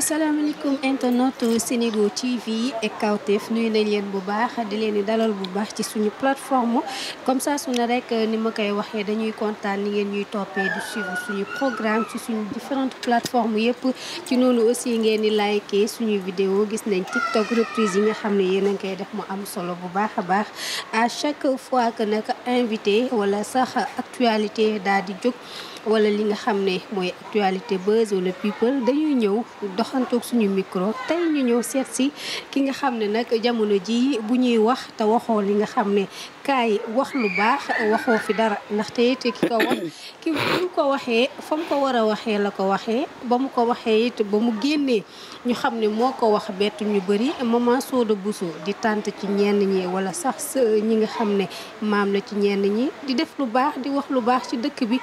asalaamaaleykum internet Senego TV ak Kawtef nuyu nañ leen bu baax di leen di dalal bu baax ci suñu plateforme comme ça su ne rek ni ma koy waxee dañuy kontaan ni ngeen ñuy toppee di suivre suñu programme ci suñu différentes plateformes yëpp ci noonu aussi ngeen di liker suñu vidéo gis nañ TikTok reprise yi nga xam ne yéen a koy def mu am solo bu baax a baax à chaque fois que nag invité wala sax actualité daal di jóg. wala li nga xam ne mooy actualité buzz wala people dañuy ñëw doxantoog suñu micro tey ñu ñëw seet si ki nga xam ne nag jamono ji bu ñuy wax te waxoo li nga xam ne kaay wax lu baax waxoo fi dara ndaxte it ki ko wax ki mu ko waxee fa mu ko war waxee la ko waxee ba mu ko waxee it ba mu génnee ñu xam ne moo ko wax bett ñu bëri maman sooda Bousso di tànt ci ñenn ñi wala sax ñi nga xam ne maam la ci ñenn ñi di def lu baax di wax lu baax ci dëkk bi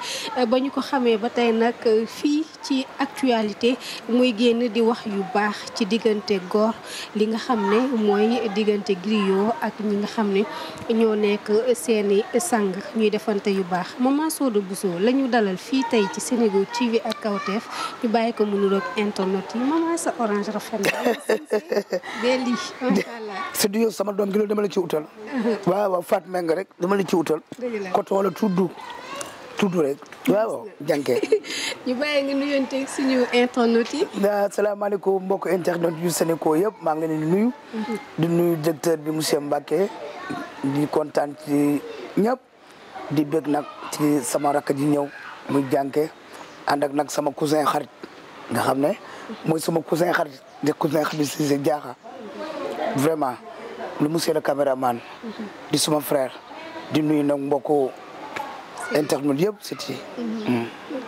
ba ñu ko xamee ba tey nag fii ci actualité muy génn di wax yu baax ci diggante góor li nga xam ne mooy diggante griot ak ñi nga xam ne ñoo nekk seeni sang ñuy defante yu baax maman Soda Bousso la ñu dalal fii tey ci Sénégo TV ak Kawtef ñu bàyyi ko mu nuroog internet yi maman sa orange rafet na bel li macha allah du yow sama doom gi loolu dama la ci utal waaw waaw Fatou Mbengue rek dama la ci utal coton la tudd tuut rek waaw jànke ñu bàyyi nga nuyonteeg suñu internautes yi. asalaamaaleykum mbokk internautes yu Sénégal yëpp maa ngi leen di nuyu. di nuyu directeur bi monsieur mbake di kontaan ci ñëpp di bëgg nag ci sama rakk ji ñëw muy jànke ànd ak nag sama cousin xarit nga xam ne mooy sama cousin xarit di cousin xarit si sa jaaxa vraiment lu monsieur le caméraman di suma frère di nuyu nag mbokku. internet yëpp c'était. Mhm.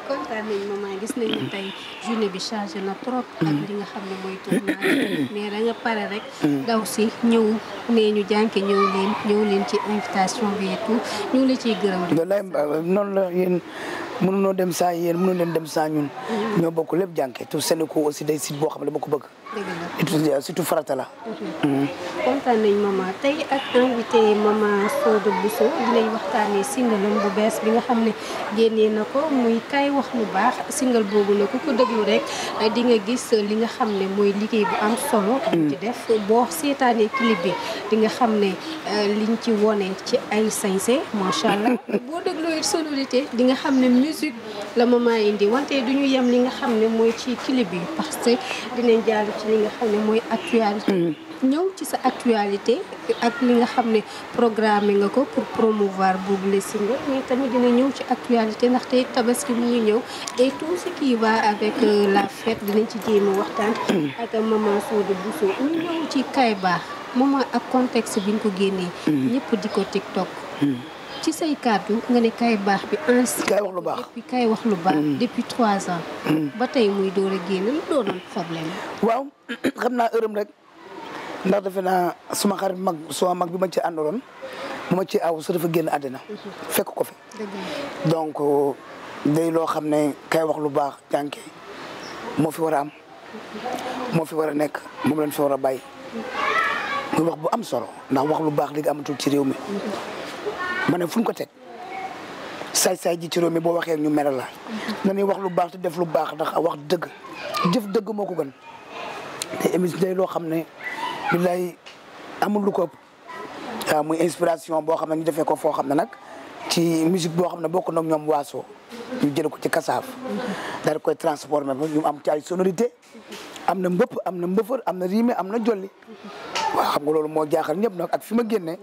kontaan nañ maman gis nañu tey journée bi changé na trop. ak li nga xam ne mooy tournage mais da nga pare rek. Mhm. daw si ñëw nee ñu jànke ñëw leen ñëw leen ci invitation bi et la ciy gërëm. noonu la yéen noo dem saa yéen mu leen dem saa ñun. Mhm. ñoo bokk lépp jànke tout ko aussi day site boo xam ne dama ko bëgg. dëgg la euh, surtout farata la. kontaan nañ maman tey ak invité maman Sode Bousso dinañ waxtaanee singalam bu bees bi nga xam ne génnee na ko muy kay wax lu baax singal boobu la ku ko déglu rek di nga gis li nga xam ne mooy liggéey bu am solo. Mm. di def boo seetaanee clip bi di nga xam ne euh, liñ ci wone ci ay sañse macha allah boo dégloo sonorité di nga xam ne musique. la maman indi wante du ñu yem li nga xam ne mooy ci clip bi parce que dinañ jàll ci li nga xam ne mooy actualité. Mm. ñëw ci sa actualité ak li nga xam ne programme nga ko pour promouvoir boobu la single mais tamit dina ñëw ci actualité tey tabaski mu ñëw tey tout ce qui va avec euh, la fête dinañ ci jéem a waxtaan. Mm. ak maman Sodé Bousso ñu ñëw ci Kayba moment ak contexte bi ñu ko génnee. Mm. ñëpp di ko TikTok. ci say kàddu nga ne Kaay Baax bi ainsi. Kaay wax lu baax depuis wax lu baax. Mm. depuis trois ans. Mm. ba tey muy door a génn lu doonoon problème waaw xam naa ërëm rek ndax defe naa suma xarit mag suma mag bi ma ci àndaloon mu ma ci aw su dafa génn àddina. Mm-hmm. fekk ko fi. donc euh, day loo xam ne kay wax lu baax jànke moo fi war a am moo fi war a nekk moom leen fi war a bàyyi muy wax bu am solo ndax wax lu baax léegi amatul ci réew mi. Mm-hmm. ma ne fu ñu ko teg saay-saay ji ci réew mi boo waxee ñu mere la nañuy wax lu baax te def lu baax ndax a wax dëgg jëf dëgg moo ko gën te émission day loo xam ne billaay amul lu ko ëpp waaw boo xam ne defee ko foo xam ne nag ci musique boo xam ne bokk na ñoom waaso ñu jële ko ci kasaaf daal koy transformé ba ñu am ci ay sonorité am na mbëpp am na mbëfër am na riime am na jolli waaw xam nga loolu moo jaaxal ñépp nag ak fi ma génne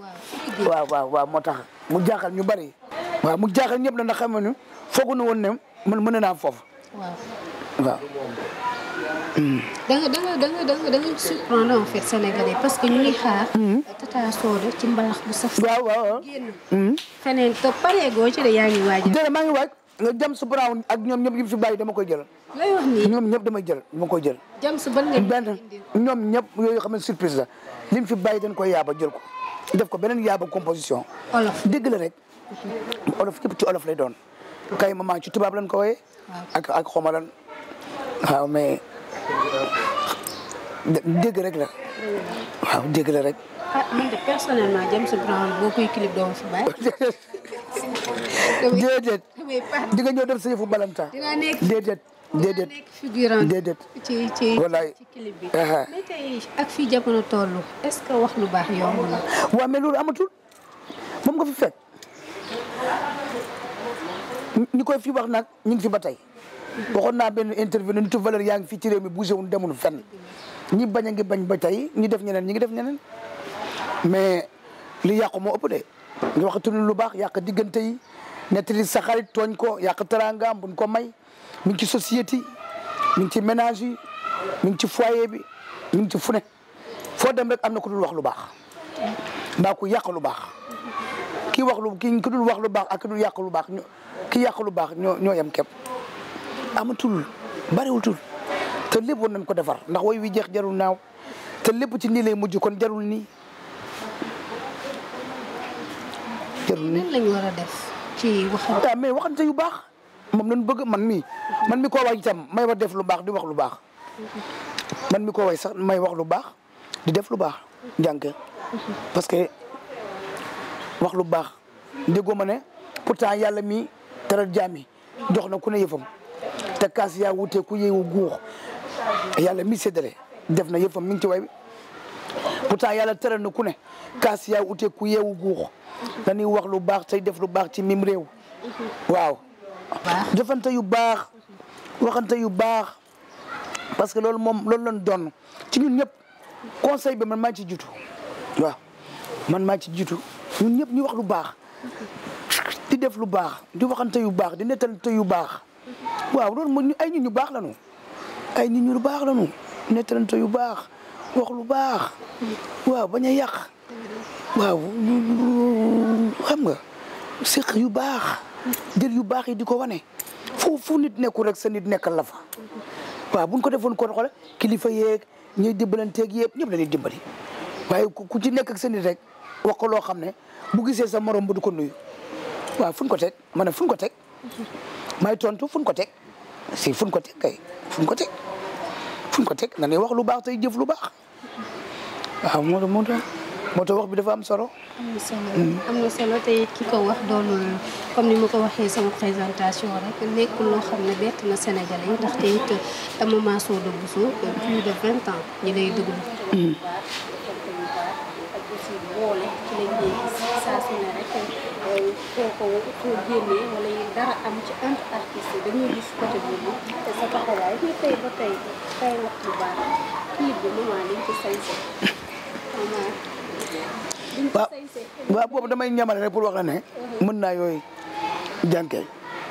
waaw waaw moo tax mu jaaxal ñu bari waaw mu jaaxal ñëpp nag ndax xam nga foogu nu woon ne man mën naa foofu waaw da parce que ñu ngi xaar. Hmm. Tata Soda ci mbalax bu saf. waaw waaw génn. Hmm. feneen te pareegoo ci de yaa ngi waaj. maa ngi waaj nga jëm su Brown ak ñoom ñëpp fi bàyyi dama koy jël. lay ñoom ñëpp damay jël ma koy jël. jam su ban ñoom ñëpp yooyu xam ne surprise la li mu fi bàyyi dañ koy yaaba jël ko def ko beneen yaaba composition. dégg la rek. olof képp ci olof lay doon. kay maman ci tubaab lañ ko wooyee. ak ak xoma lan waaw mais rek la. waaw dégg la rek. ah man de personnellement James Brown def sa yëfu balanta. dinaa déedéet déedéet ci ci wallaay ci clip bi mais tey ak fii jamono toll est-ce que wax lu baax yomb na. waaw mais loolu amatul moom nga fi fekk ñi koy fi wax nag ñu ngi fi ba tey waxoon naa benn interview ne nitu valeur yaa ngi fi ci réew mi bougé wuñ demul fenn ñi bañ a ngi bañ ba tey ñi def ñeneen ñi ngi def ñeneen mais lu yàqu moo ëpp de nga waxatuñu lu baax yàq diggante yi. nettali sa xarit tooñ ko yàq teraangaam buñ ko may mi ngi ci societé mi ngi ci ménage yi mi ngi ci foyer bi mi ngi ci fu ne foo dem rek am na ku dul wax lu baax mbaa ku yàq lu baax ki wax lu ki ku dul wax lu baax ak ku yàq lu baax ñoo ki yàq lu baax ñoo ñoo yem képp amatul bariwul tul te lépp war nañ ko defar ndax woy wi jeex jarul naaw te lépp ci nii lay mujj kon jarul nii jarul nii lan lañ a def ci waxante ah, mais waxante yu baax moom lañ bëgg man mii man mi koo way itam may wax def lu baax di wax lu baax man mi koo way sax may wax lu baax di def lu baax jànk parce que wax lu baax déggoo ma ne pourtant yàlla mi teral jaam yi jox na ku ne yëfam te kaas yaa wutee ku yeewu guux yàlla mi séddale def na yëfam mi ngi ci way bi pourtant yàlla tëral na ku ne kaas yaa ute ku yeewu guux dañuy wax lu baax tey def lu baax ci mim réew waaw jëfante yu baax waxante yu baax parce que loolu moom loolu lañ doon ci ñun ñëpp conseil bi man maa ci jiitu waaw man maa ci jiitu ñun ñëpp ñu wax lu baax di def lu baax di waxante yu baax di nettalante yu baax waaw loolu mooy ay nit ñu baax lañu ay nit ñu baax lañu nettalante yu baax wax lu baax waaw bañ a yàq waaw xam nga séq yu baax jël yu baax yi di ko wane fu fu nit nekkul rek sa nit nekkal la fa waaw buñ ko defoon kon xool kilifa yeeg ñuy dimbalanteeg yëpp ñëpp dañuy dimbali waaye ku ci nekk ak sa rek wax ko loo xam ne bu gisee sa morom bu du ko nuyu waaw fu ko teg ma ne fu ko teg may tontu fu ñu ko teg si fu ko teg kay fu ko teg fu ko teg dañuy wax lu baax tey jëf lu baax waaw moo tax moo tax wax bi dafa am solo. am na solo te ki ko wax doonul comme ni ma ko waxee sama présentation rek nekkul loo xam ne bett na Sénégalais yi ndaxte it dama maa soo dugg plus de vingt ans ñu lay déglu. Hmm. soo boobu ba boobu damay ñamale rek pour wax la ne mën naa yooyu jànke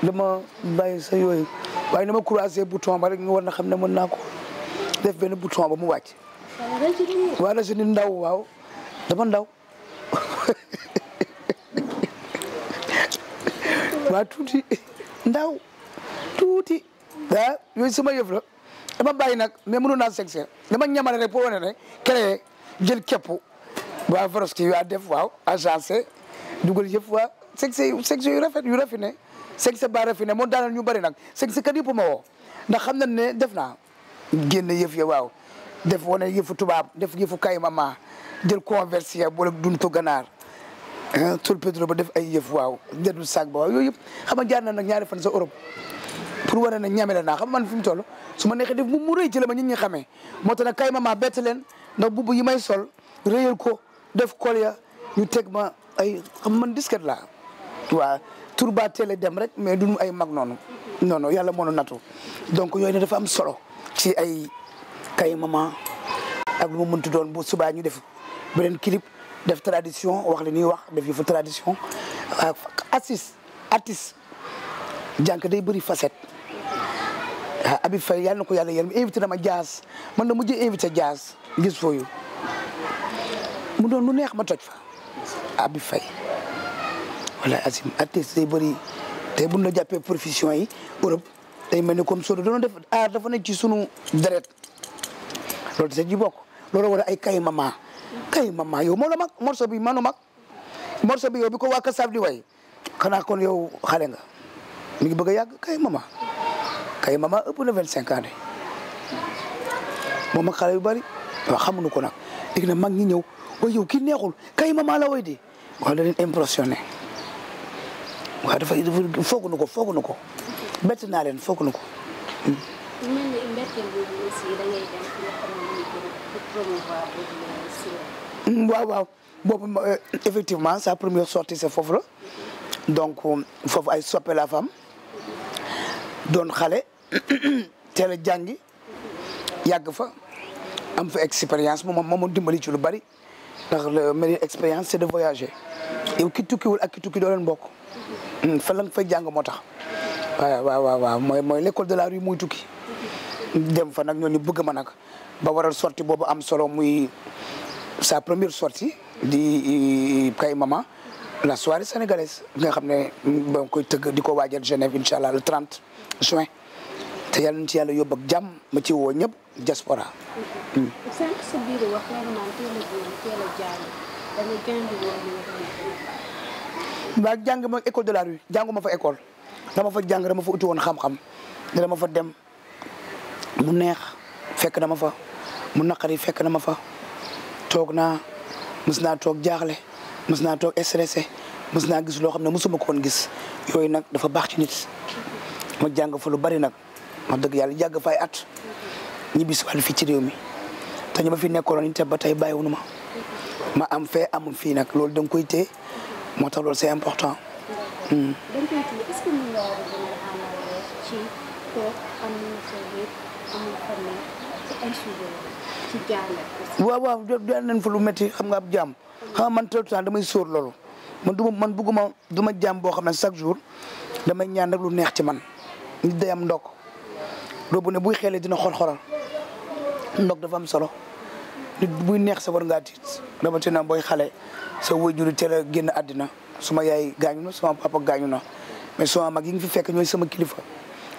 dama bàyyi sa yooyu waaye dama croisé bouton ba rek nga war na xam ne mën naa ko def benn bouton ba mu wàcc waa rajini ndaw waaw dama ndaw waa tuuti ndaw tuuti ah yooyu sama yëf la dama bàyyi nag mais mënu naa sexé dama ñamale rek pour wane ne créé jël képp waa Swarovski yu a def waaw agencé dugal yëf waa sexé sexé yu rafet yu raffiné sexé ba ne moo daanal ñu bëri nag sexé kat yëpp ma woo ndax xam nañ ne def naa génn yëf ya waaw def wane yëfu tubaab def yëfu kayma ma jël converse ya boole duntu ganaar Ah, tul pétrole ba def ay yëf waaw njëriñu saag ba waaw yooyu yëpp xam nga jaar na ñaar ñaari fan sa Europe pour wane na ñame la naa xam man fi mu toll su ma neexee def mu mu rëy ci la ma moo tax nag kay ma maa bett leen ndax yi may sol rëyal ko def kol ñu teg ma ay xam man disket la waaw tur ba teel dem rek mais duñu ay mag noonu non yàlla moo nu natu donc yooyu ne dafa am solo ci ay kay mama ak lu mu mënti doon bu subaa ñu def beneen clip def tradition wax li ñuy wax def yëfu tradition artiste artiste jànk day bëri facette ah Habib Faye yàlla na ko yàlla yërëm invité ma jazz man na mujj invité jazz gis fooyu mu doon lu neex ma toj fa Habib Faye wala asim artiste day bëri te buñ la jàppee profession yi Europe day mel ni comme solo doon def aar ah, dafa nekk ci sunu deret loolu da ci bokk loolu war ay kay mama kay mama yow moo mag morceau bi manu mag morceau bi yow bi ko waa Kassab di way xanaa kon yow xale nga mi ngi bëgg a yàgg kay mama kay mama ëpp na vingt cinq ans de moom ak xale yu bari waaw ko na léegi nag mag ñi ñëw waaye yow kii neexul kay mama la way di waaw da leen impressionné waaw dafa foogu nu ko foogu nu ko bett naa leen foogu nu ko hmm. mu mel ne mbégte boobu aussi mm, waaw waaw boobu euh, effectivement sa première sortie c'est foofu la donc euh, foofu ay soppe la femme xale teel a jàngi yàgg fa am fa expérience moom moom moo dimbali ci lu bari ndax le meilleure expérience c'est de voyager yow ki tukkiwul ak ki tukki doo leen bokk mm, la fay jàng moo tax waaw waaw mooy mooy l'école de la rue muy tukki dem fa nag ñooñu bëgg ma nag ba waral sorti boobu am solo muy sa première sortie di euh, Kay Mama la soirée sénégalaise nga xam ne ba koy tëgg di ko waajal Genève incha allah le 30 juin te yàlla na ci yàlla yóbbu ak jàmm ma ci woo ñëpp diaspora. Hmm. sànq sa jàng ma école de la rue jàngu ma fa école dama fa jàng fa uti woon xam-xam dama fa dem. mu neex fekk na ma fa mu naqari fekk na ma fa toog naa mës naa toog jaaxle mës naa toog stressé mës naa gis loo xam ne mësuma ko gis yooyu nag dafa baax ci nit ma jàng fa lu bari nag wax dëgg yàlla jàng fay at ñibbisi waat fii ci réew mi te ñu ma fi nekkoon itam ba tey bàyyiwunu ma ma am fee amul fii nag loolu da koy téye moo tax loolu c'est important. Hmm. waaw waaw jaar nañ fa lu métti xam nga ab jaam xam man tout le temps damay sóor loolu man du man bugguma du ma jaam boo xam ne chaque jour damay ñaan rek lu neex ci man nit day am ndok robu ne buy xeelee dina xol-xolal ndokk dafa am solo nit buy neex sa war ngaa tiit rawatina booy xale sa waajur teel a génn àddina suma yaay gaañu na suma papa gaañu na mais suma mag yi nga fi fekk ñooy sama kilifa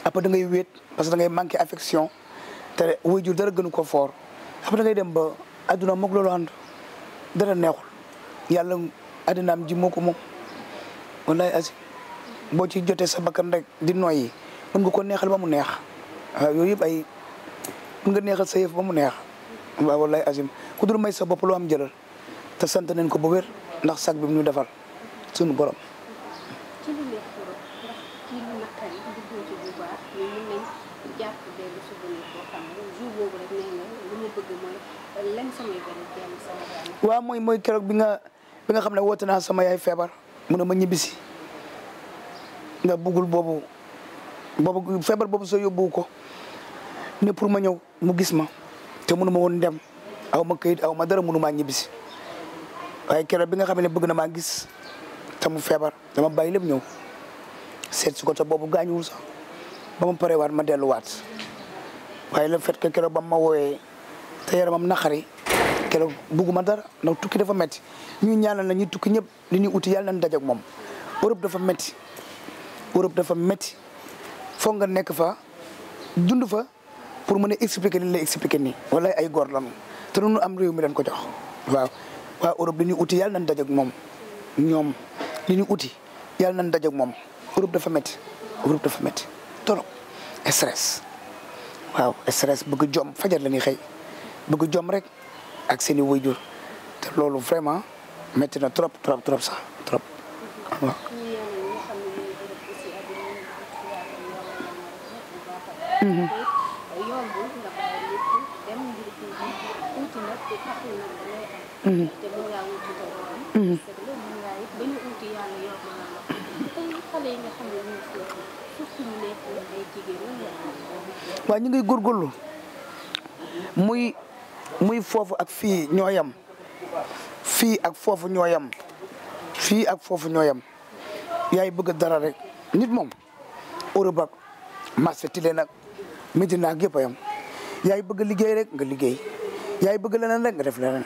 après da ngay wéet parce que da ngay manqué affection te waajur dara gënu ko foor xam da dem ba adduna mook loolu ànd dara neexul yàlla addinaam ji moo ko moom wallaay asi boo ci jotee sa bakkan di noyyi mën nga ko neexal ba mu neex waaw yooyu yëpp ay mën nga neexal sa ba mu neex waaw wallaay asim ku dul may sa bopp loo am jëlal te sant nañ ko ba wér ndax sag bi mu ñu defal suñu borom waa mooy mooy keroog bi nga bi nga xam ne woote naa sama yaay feebar mu ne ma ñibbisi nga buggul boobu boobu feebar boobu soo yóbbu ko ne pour ma ñëw mu gis ma te mënu ma woon dem aw ma kayit aw ma dara mënu maa ñibbisi waaye keroog bi nga xam ne bëgg na maa gis te mu feebar dama bàyyi lépp ñëw seet si ko te boobu gaañuwul sax ba ma pareewaat ma delluwaat waaye la fet que keroog ba ma wooyee te yaramam naqari keroog bugguma dara ndax tukki dafa metti ñuy ñaanal nañu ñuy tukki ñëpp li ñuy uti yàlla nañ daje moom Europe dafa metti Europe dafa metti foog nga nekk fa dund fa pour mën a expliquer li lay expliquer nii wala ay góor lan te lu nu am réew mi leen ko jox waaw waaw Europe li ñuy uti yàlla nañ daje moom ñoom li ñuy uti yàlla nañ daje moom Europe dafa metti Europe dafa metti trop stress waaw stress bëgg jom fajar la ñuy xëy bëgg jom rek ak seen wajur te loolu vraiment metti na trop trop trop sax trop waaw. Mm-hmm. Mm-hmm. waaw ñu ngi góorgóorlu muy muy foofu ak fii ñoo yem fii ak foofu ñoo yem fii ak foofu ñoo yem yaay bëgg dara rek nit moom Europe ak marché tile nag Medina ak yëpp a yaay bëgg liggéey rek nga liggéey yaay bëgg leneen rek nga def leneen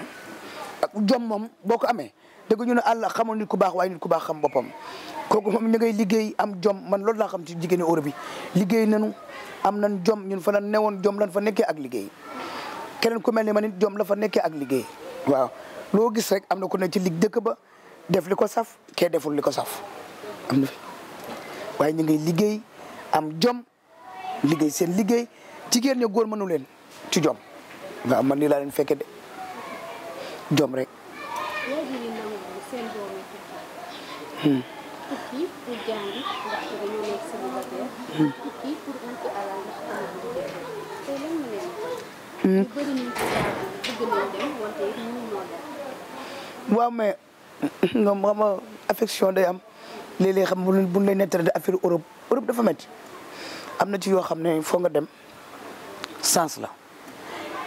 ak jom moom boo ko amee dëgg ñu ne àll xamul nit ku baax waaye nit ku baax xam boppam kooku moom ñu ngay liggéey am jom man loolu laa xam ci jigéenu Europe bi liggéey nanu am nan jom ñun fa lan newoon jom lan fa nekkee ak liggéey keneen ku mel ni man it jom la fa nekkee ak liggéey waaw loo gis rek am na ku ne ci lig dëkk ba def li ko saf kee deful li ko saf am waaye ñu ngi liggéey am jom liggéey seen liggéey jigéen ña góor mënu leen ci jom waaw man nii laa leen fekke de jom rek hmm. Hmm. waaw mais ñoom xam affection day am léeg-léeg xam bu buñ lay nettali de affaire Europe Europe dafa métti am na ci yoo xam ne foo nga dem sens la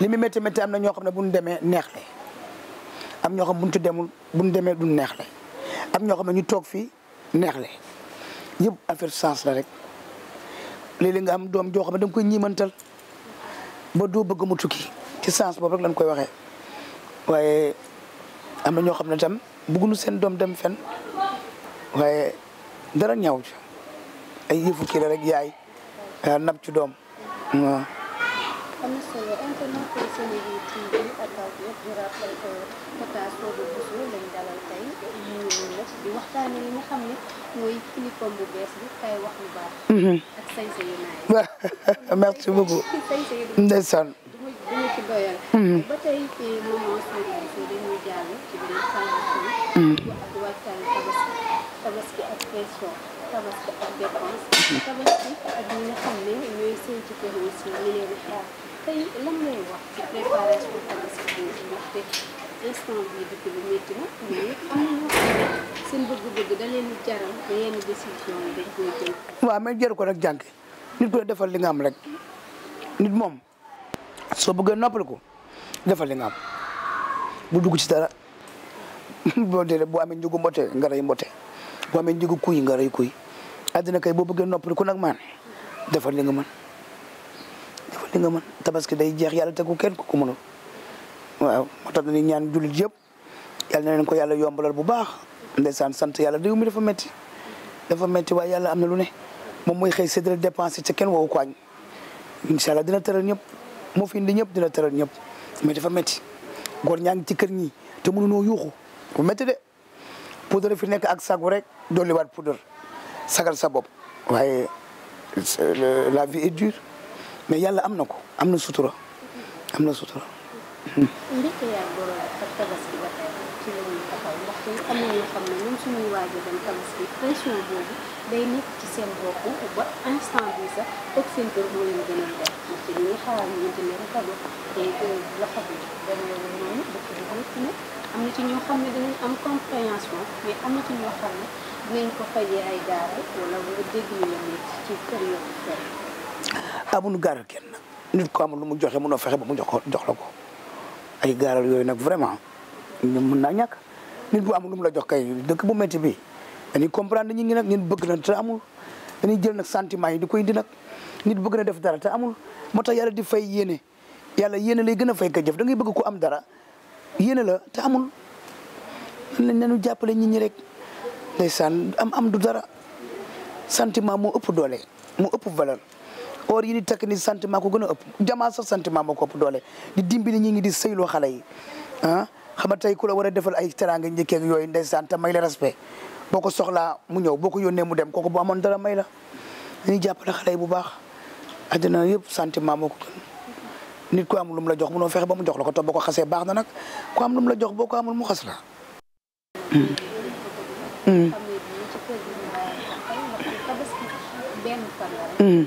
li mu métti métti am na ñoo xam ne buñ demee neex am ñoo xam ci demul buñ demee duñ neex la am ñoo xam ne ñu toog fii neex la yëpp affaire sens la rek léeg-léeg nga am doom joo xam ne da koy ñiimantal ba doo bëgg mu tukki ci chance boobu rek lañ koy waxe waaye am na ñoo xam ne tam bëgguñu seen doom dem fen waaye dara ñaw ci ay yëfu kii yaay nab ci doom waaw am na solo internet yi Sénégal TV ak kaw bi yëpp ñu rappel ko Papa Soda Bousso lañ dalal tey ñu nag di waxtaane li nga xam ne mooy clipam bu bees bi kay wax lu baax. Mhm. ak sañse yu naay. merci beaucoup. ndeysaan. dama ci doyal. Mhm. ba tey moom Soda Bousso dañuy jàll ci beneen transition. Mhm. ak waxtaan tabaski tabaski ak pension tabaski ak dépense tabaski ak ñi nga xam ne ñooy seen ci kër yi si yeneen xaar. tey lan ngay ko nag jànk nit ku ne defal li nga am rek nit moom soo bëggee noppal ko defal li bu dugg ci dara boo dee boo amee njëgu mbote nga rey mbote boo amee njëgu kuy nga rey kuy àddina kay boo bëggee noppal nag maan defal li nga mën. li nga mën day jeex yàlla tegu kenn ku ko mënul waaw moo tax dañuy ñaan jullit yëpp yàlla na leen ko yàlla yombalal bu baax ndeysaan sant yàlla réew mi dafa metti dafa metti waaye yàlla am na lu ne moom mooy xëy séddale dépense ca kenn woowu ko añ incha allah dina tëral ñëpp moo fi indi ñëpp dina tëral ñëpp mais dafa metti góor ñaa ngi ci kër ñi te mënunoo yuuxu bu metti de poudre fi nekk ak sagu rek dolliwaat poudre sagal sa bopp waaye la vie est dure mais yàlla am na ko am na sutura am na sutura. ndekki yaa borom ak tabaski ba tey ci la ñuy taxaw ndaxte am na ñoo xam ne ñun suñuy waaj a tabaski pression boobu day nekk ci seen bopp ba instant bi sax toog seen kër moo leen gën a def am na ci ñoo xam ne dinañ am compréhension mais am na ci ñoo xam ne dinañ ko fajee ay gaara wala wala dégg ñu la nekk ci période bi. amul gaaral kenn nit ko amul lu mu joxe mënoo fexe ba mu jox la ko ay gaaral yooyu nag vraiment ñu mën naa ñàkk nit bu amul lu mu la jox kay dëkk bu métti bi dañuy comprendre ñu ngi nag ñun bëgg na te amul dañuy jël nag sentiment yi di koy indi nag nit bëgg na def dara te amul moo tax yàlla di fay yéene yàlla yéene lay gën a fay ka jëf da ngay bëgg ko am dara yéene la te amul lañ nañu jàppale nit ñi rek ndeysaan am am du dara sentiment moo ëpp doole moo ëpp valeur or yi ni takk ni sentiment ko gën a ëpp jamaa sax sentiment moo ko ëpp doole di dimbali ñi ngi di sëyloo xale yi ah xam nga tey ku la war a defal ay teraange njëkkee ak yooyu ndeysaan te may la respect boo ko soxla mu ñëw boo ko yónnee mu dem kooku bu amoon dara may la dañuy jàppale xale yi bu baax àddina yëpp sentiment moo ko gën nit ku am lu mu la jox munoo fexe ba mu jox la ko te boo ko xasee baax na nag ko am lu mu la jox boo ko amul mu xas la hmm. Hmm.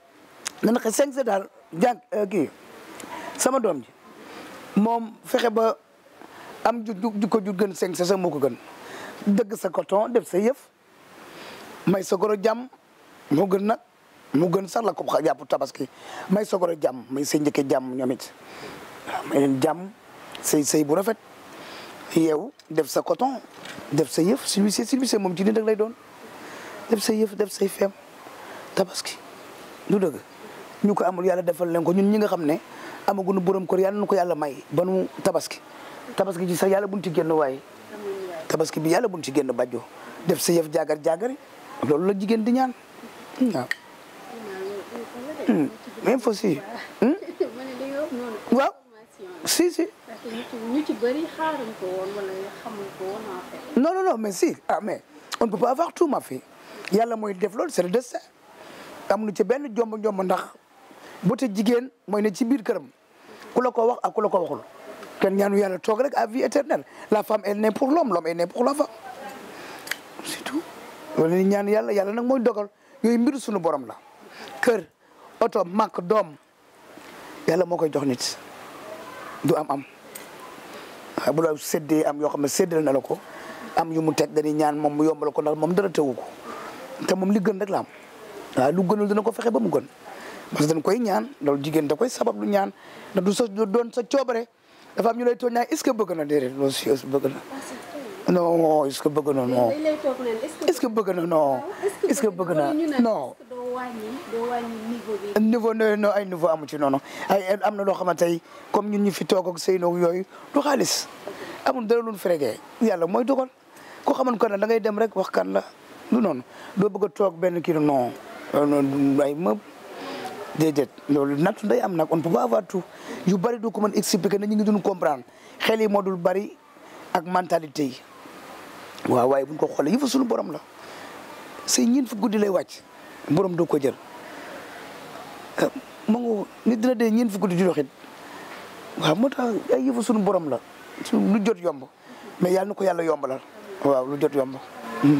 na nga cinq heures daal jàng euh, kii sama doom ji moom fexe ba am ju ju ko ju gën cinq saison moo ko gën dëgg sa coton def sa yëf may sa goro jàmm moo gën nag mu gën sax la ko xa tabaski may sa goro jàmm may sa njëkke jàmm ñoom it waaw may leen jàmm sëy sëy bu rafet yow def sa coton def sa yëf service service moom ci ni rek lay doon def sa yëf def say feem tabaski du dëgg ñu ko amul yàlla defal leen ko ñun ñi nga xam ne amaguñu borom kër yàlla nu ko yàlla may ba nu tabaski tabaski ji sax yàlla buñ ci génn waaye tabaski bi yàlla buñ ci génn bàjjo def sa yëf jaagar jaagari loolu la jigéen di ñaan waaw hmm. même fa si hmm? waaw si si ñu ah, tout ma fille yàlla mooy def loolu c'est le destin am nu ci benn jomb jomb ndax beauté jigéen mooy ne ci biir këram ku la ko wax ak ku la ko waxul kenn ñaanu yàlla toog rek à vie éternelle la femme est née pour l'homme l'homme est né pour la femme c'est tout ñaan yàlla yàlla nag mooy dogal yooyu mbiru suñu borom la kër oto mag doom yàlla moo koy jox nit du am am waaye bu la séddee am yoo xam ne séddal na la ko am yu mu teg dañuy ñaan moom mu yombal ko ndax moom dara tewu ko te moom li gën rek la am waaye lu gënul dina ko fexe ba mu gën parce que dañ koy ñaan loolu jigéen da koy sabab lu ñaan na du sa doon sa coobare dafa am ñu lay tooñ naa est-ce que bëgg na déedéet loolu si est-ce que bëgg na non est-ce que bëgg na non est-ce que bëgg na non ah, est-ce que bëgg na non niveau no ay niveau amu ci noonu ay am na loo xamante ne comme ñun ñu fi toog ak Seynoo yooyu du xaalis amul dara lu ñu fregee yàlla mooy dogal ko xaman ko ne da ngay dem rek wax kan la du noonu doo bëgg a toog benn kii non ay meuble déedéet loolu natt day am nag on peut pas yu bari du ko mën expliquer na ñu ngi dun comprendre xel yi moo dul bari ak mentalité yi waaw waaye buñ ko xoolee yëfu suñu borom la say ñin fi guddi lay wàcc borom du ko jël euh, ma ngo nit dina dee ñin fi guddi di doxit waaw moo tax ay yëfu suñu borom la lu jot yomb mais yàlla na ko yàlla yombalal waaw lu jot yomb hmm.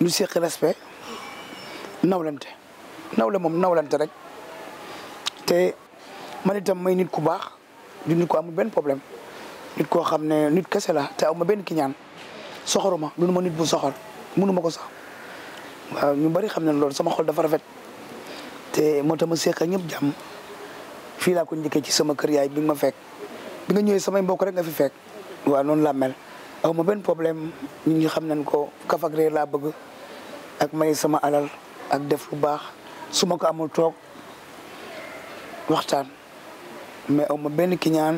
ñu seq respect nawlante nawle moom nawlante rek te man itam may nit ku baax di nit ko amul benn problème nit koo xam ne nit kese la te aw ma benn ki ñaan soxoruma dunu ma nit bu soxor mënuma ko sax waaw ñu bari xam ne loolu sama xol dafa rafet te moo tax ma seq ñëpp jàmm fii laa ko njëkkee ci sama kër yaay bi nga ma fekk bi nga ñëwee samay mbokk rek nga fi fek waaw noonu laa mel aw ma benn problème ñi ngi xam nañ ko kaf ak réer laa bëgg ak may sama alal ak def lu baax su ma ko amul toog waxtaan mais aw ma benn kiñaan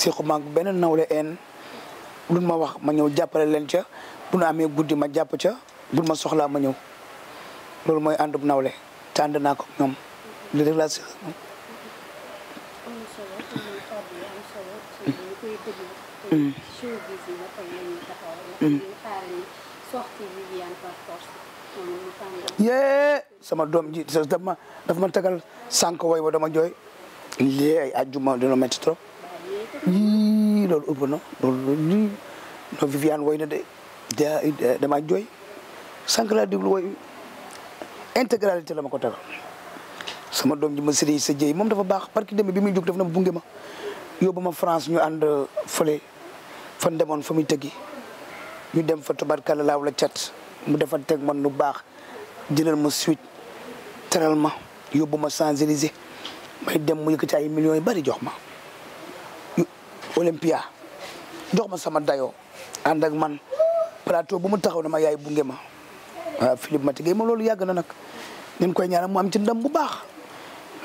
siqumaag benn nawle en lu ma wax ma ñëw jàppale leen ca bu nu amee guddi ma jàpp ca bu ma soxlaa ma ñëw loolu mooy àndub nawle tànd naa ko ñoom showbiz yi nga koy nañu taxawal. sama doom ji daf ma daf tagal sànq woy ba dama jooy lii ay ajjuma dina métti trop yii loolu ëpp na loolu lii no Viviane way na de dama jooy sànq laa déglu way intégralité la ma ko tagal sama doom ji ma sëriñ sa jëy moom dafa baax parce que demee bi muy jóg daf na bunge ma yóbbu ma France ñu ànd fële fan demoon fa muy tëggi ñu dem fa tubarkalla laaw la cat mu defar teg man lu baax jëlal ma suite teral ma yóbbu ma Champs-Élysées may dem mu yëkkati ay millions yu bari jox ma Olympia jox ma sama dayo ànd ak man plateau bu mu taxaw ne ma yaay bunge ma waaw Philippe Matigay ma loolu yàgg na nag ñu koy ñaanal mu am ci dam bu baax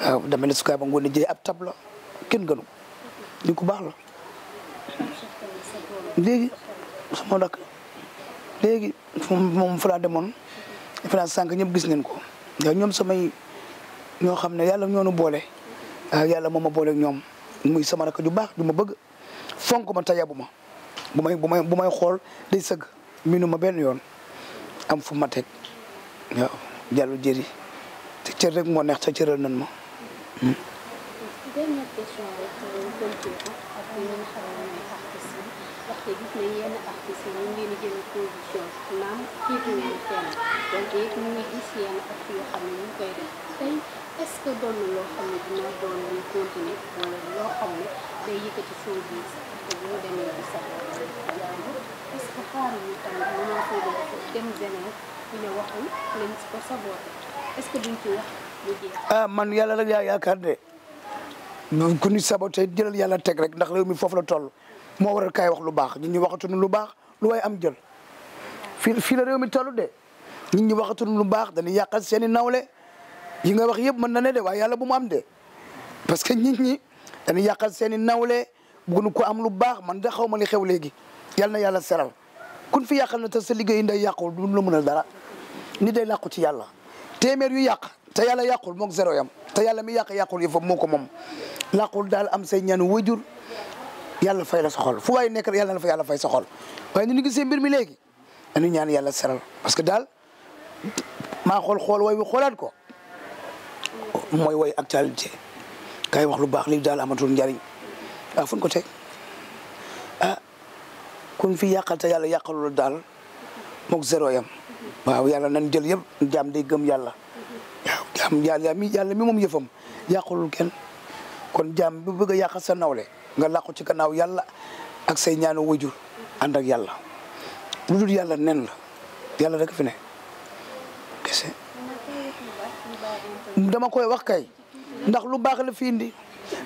waaw dama ne su ko ba ngoon jëlee ab tab kenn gënu ñu ko baax la. léegi sama rakk léegi moom fa laa demoon fa laa sànq ñëpp gis nañ ko da ñoom samay ñoo xam ne yàlla ñoo nu boole yàlla moom ma boole ñoom muy sama rakk ju baax ju ma bëgg fonk ma tayabu ma bu may bu may xool day sëgg minu ma benn yoon am fu ma teg waaw jàllu jëri te cër rek moo neex te cëral nan ma. Hmm. te gis nañ yenn artistes yi ñu ngi leen di jëlee position naam jiitu ngeen ngi gis yenn actes yoo xam xam ne dina doon luy continuer wala loo xam ne day yëkkati soo gis te que xaar ñu ci wax ah man yàlla rek yaa yaakaar de. noonu ku ñu saboté jëlal yàlla teg rek ndax réew mi foofu la toll. moo waral kaay wax lu baax ñun ñu waxatuñu lu baax lu waaye am jël fii fii la mi toll de ñun ñu waxatuñu lu baax dañuy yàqal seen i nawle yi nga wax yëpp mën na ne de waaye yàlla bu mu am de parce que nit ñi dañuy yàqal seen i nawle bëgguñu ko am lu baax man de xaw ma li xew léegi yàlla na yàlla seral kun fi yàqal na te sa liggéey nday yàqul duñ la mënal dara ni day làqu ci yàlla téeméer yu yàq te yàlla yàqul moog zéro yam te yàlla mi yàq yàqul yi foofu moo ko moom làqul daal am say ñaan wajur yàlla fay la sa xol fu waay nekk rek yàlla na waaye nu ñu gisee mbir mi léegi dañu ñaan yàlla seral parce que daal maa xool xool way wi xoolaat ko mooy way actualité kay wax lu baax li daal amatul njariñ ah fu ko te ah kun fi yàqal te yàlla yàqalul daal moog zéro yam waaw yàlla nañ jël yëpp jaam day gëm yàlla waaw jaam yàlla mi moom yëfam yàqalul kenn kon jaam bu bëgg a yàqal sa nawle nga làqu ci gannaaw yàlla ak say ñaanu wajur ànd ak yàlla lu dul yàlla nen la yàlla rek fi ne kese dama koy wax kay ndax lu baax la fiindi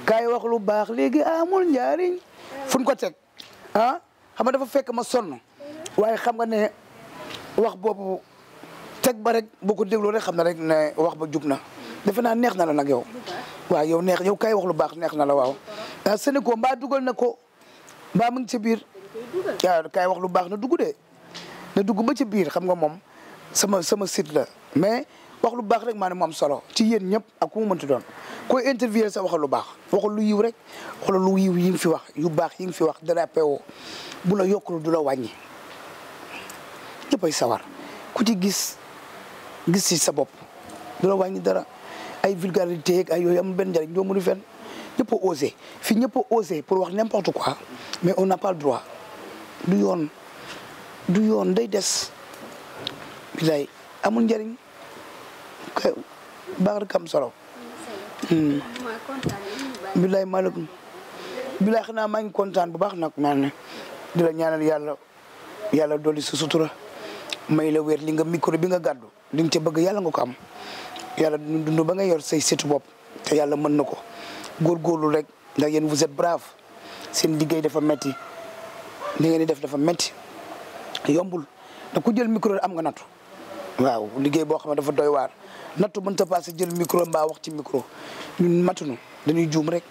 indi wax lu baax léegi amul njaariñ fu ko teg ah xam nga dafa fekk ma sonn waaye xam nga ne wax boobu teg ba rek boo ko dégloo rek xam na rek ne wax ba jub na defe naa neex na la nag yow waaw yow neex yow kaay wax lu baax neex na la waaw daa sëni ko mbaa dugal na ko mbaa mu ngi ci biir waaw kaay wax lu baax na dugg de na dugg ba ci biir xam nga moom sama sama site la mais wax lu baax rek maa ne mu am solo ci yéen ñëpp ak ku mu mënti doon koy interviewer sa waxal lu baax waxal lu yiw rek waxal lu yiw yi nga fi wax yu baax yi nga fi wax dara pewo bu la yokkul du la wàññi ñëppay sawar ku ci gis gis ci sa bopp du la wàññi dara ay vulgarité ak ay yooyu amul benn njëriñ doo mënu fenn ñëpp a fi ñëpp a osé pour wax n'importe quoi mais on n'a pas le droit du yoon du yoon day des bilaay amul njëriñ kay baax kam solo hmm. bilaay maaleykum bilaay xanaa maa ngi kontaan bu baax nag naan ne di la ñaanal yàlla yàlla dolli su sutura may la wér li nga micro bi nga gàddu li nga bëgg yàlla nga ko am yàlla dund ba nga yor say situ bopp te yàlla mën na ko góorgóorlu rek ndax yéen vous êtes brave seen liggéey dafa metti li ngeen di def dafa metti yombul da ku jël micro am nga nattu waaw liggéey boo xam ne dafa doy waar nattu mënta jël micro mbaa wax ci micro ñun matunu dañuy juum rek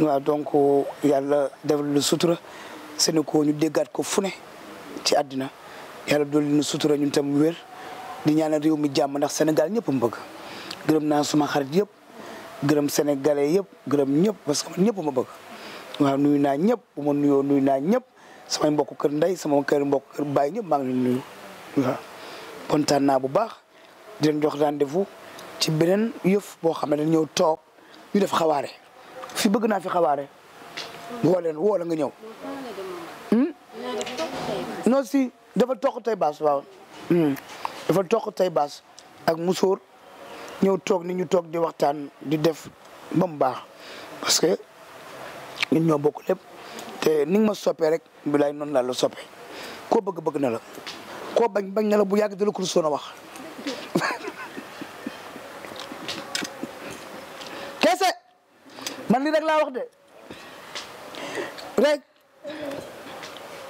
waaw donc yàlla def lu sutura Sénégal ñu déggaat ko fu ne ci àddina yàlla dolli ñu sutura ñun tam wér di ñaanal réew mi jàmm ndax Sénégal ñëpp mu bëgg naa suma xarit yëpp gërëm sénégalais yëpp gërëm ñëpp parce que man ñëpp ma bëgg waaw nuyu naa ñëpp bu nuyoo nuyu naa ñëpp samay mbokk kër ndey sama kër mbokk kër baay ñëpp maa ngi leen nuyu waaw kontaan naa bu baax di jox rendez-vous ci beneen yëf boo xam ne dañ ñëw toog ñu def xawaare fi bëgg naa fi xawaare woo leen woo nga ñëw hmm? non dafa toq tey baas waaw hmm, dafa toq tey baas ak musóor ñëw toog ni ñu toog di waxtaan di def ba mu baax parce que ñun ñoo bokk lépp te ni nga ma soppee rek bilaay noonu laa la soppe koo bëgg bëgg na la koo bañ bañ na la bu yàgg dala ko soon a wax kese man lii rek la wax de rek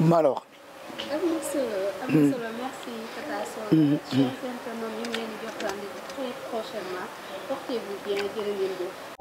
maa la wax prochainement. Portez-vous bien, jërë ngeen jëf.